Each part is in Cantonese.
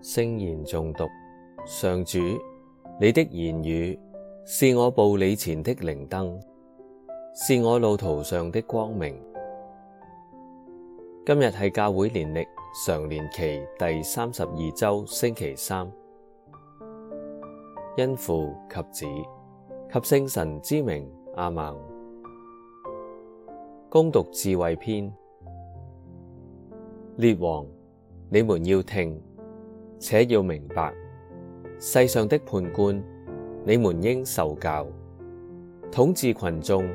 聖言誦讀，上主，你的言語是我步履前的靈燈，是我路途上的光明。今日係教會年曆。常年期第三十二周星期三，因父及子及聖神之名阿們。恭讀智慧篇。列王！你們要聽，且要明白，世上的判官！你們應受教，統治群眾，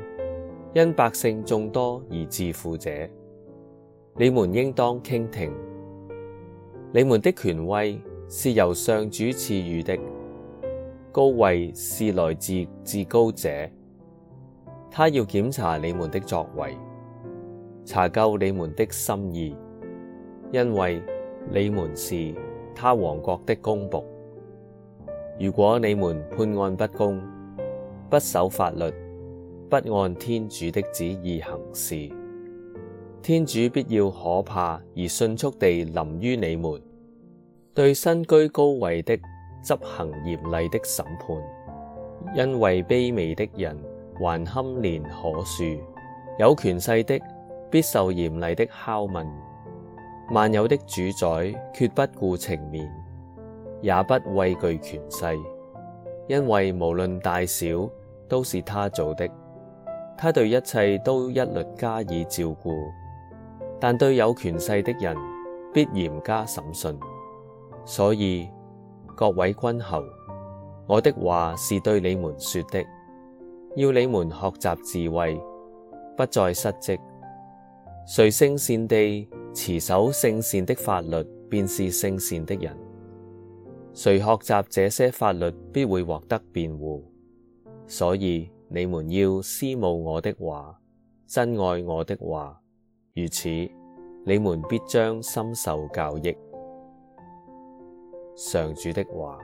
因百姓眾多而自負者！你們應當傾聽。你們的權威是由上主賜予的，高位是來自至高者。他要檢查你們的作為，查究你們的心意，因為你們是他王國的公僕。如果你們判案不公，不守法律，不按天主的旨意行事。天主必要可怕而迅速地臨於你們，對身居高位的執行嚴厲的審判，因為卑微的人還堪憐可恕，有權勢的必受嚴厲的拷問。萬有的主宰決不顧情面，也不畏懼權勢，因為無論大小都是他造的，他對一切都一律加以照顧。但對有權勢的人，必嚴加審訊。所以，各位君侯，我的話是對你們說的，要你們學習智慧，不再失職。誰聖善地持守聖善的法律，便是聖善的人。誰學習這些法律，必會獲得辯護。所以，你們要思慕我的話，珍愛我的話，如此。你們必將深受教益。上主的話，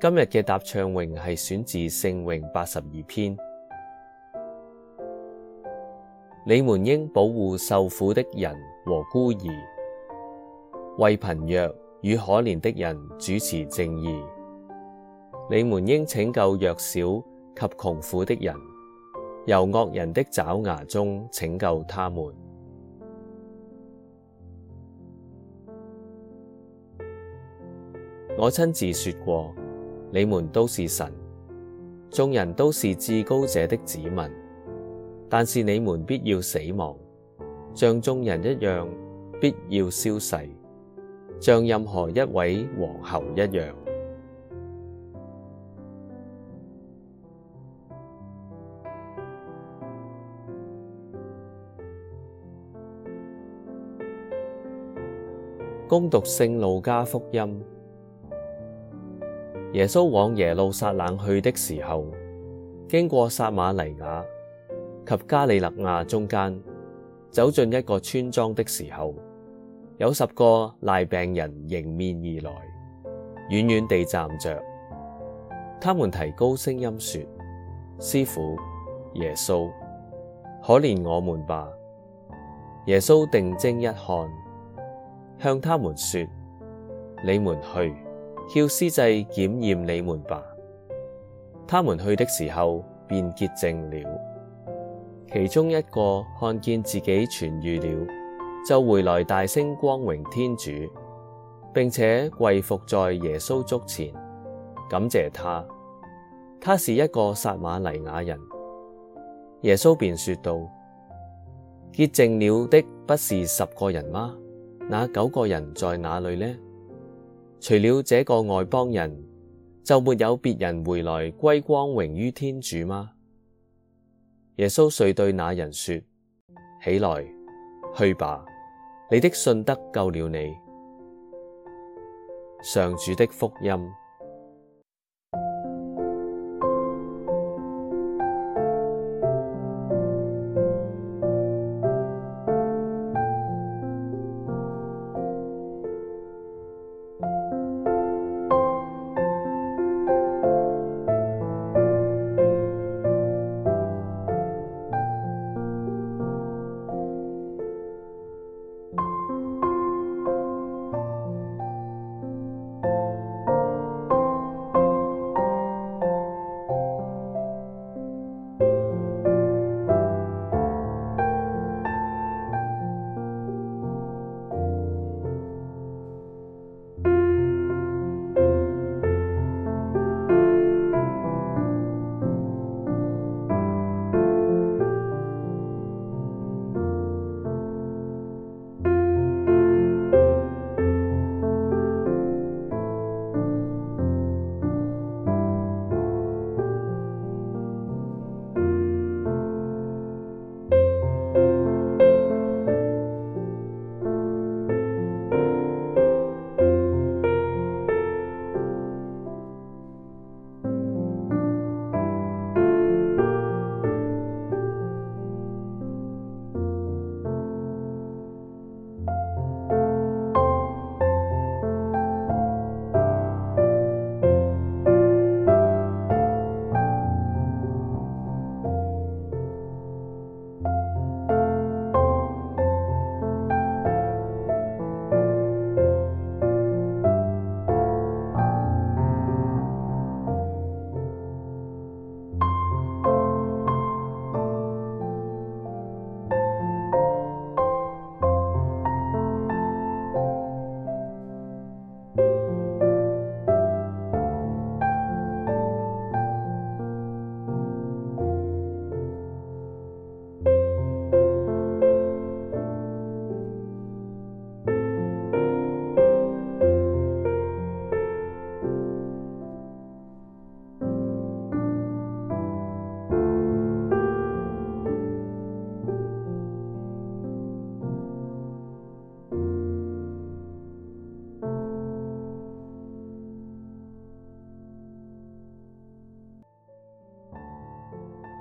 今日嘅答唱詠係選自聖詠八十二篇。你們應保護受苦的人和孤兒，為貧弱。與可憐的人主持正義，你們應拯救弱小及窮苦的人，由惡人的爪牙中拯救他們。 我親自說過，你們都是神，眾人都是至高者的子民，但是你們必要死亡，像眾人一樣，必要消逝。像任何一位王侯一樣，恭讀《聖路加福音》。耶穌往耶路撒冷去的時候，經過撒瑪黎雅及加里肋亞中間，走進一個村莊的時候。有十個癩病人迎面而來，遠遠地站着。他們提高聲音說：師傅，耶穌，可憐我們吧！耶穌定睛一看，向他們說：你們去，叫司祭檢驗你們吧。他們去的時候，便潔淨了。其中一個看見自己痊癒了。就回來大聲光榮天主，並且跪伏在耶穌足前，感謝他。他是一個撒瑪黎雅人。耶穌便說道：潔淨了的不是十個人嗎？那九個人在哪裏呢？除了這個外邦人，就沒有別人回來歸光榮於天主嗎？耶穌遂對那人說：起來。去吧，你的信德救了你。上主的福音。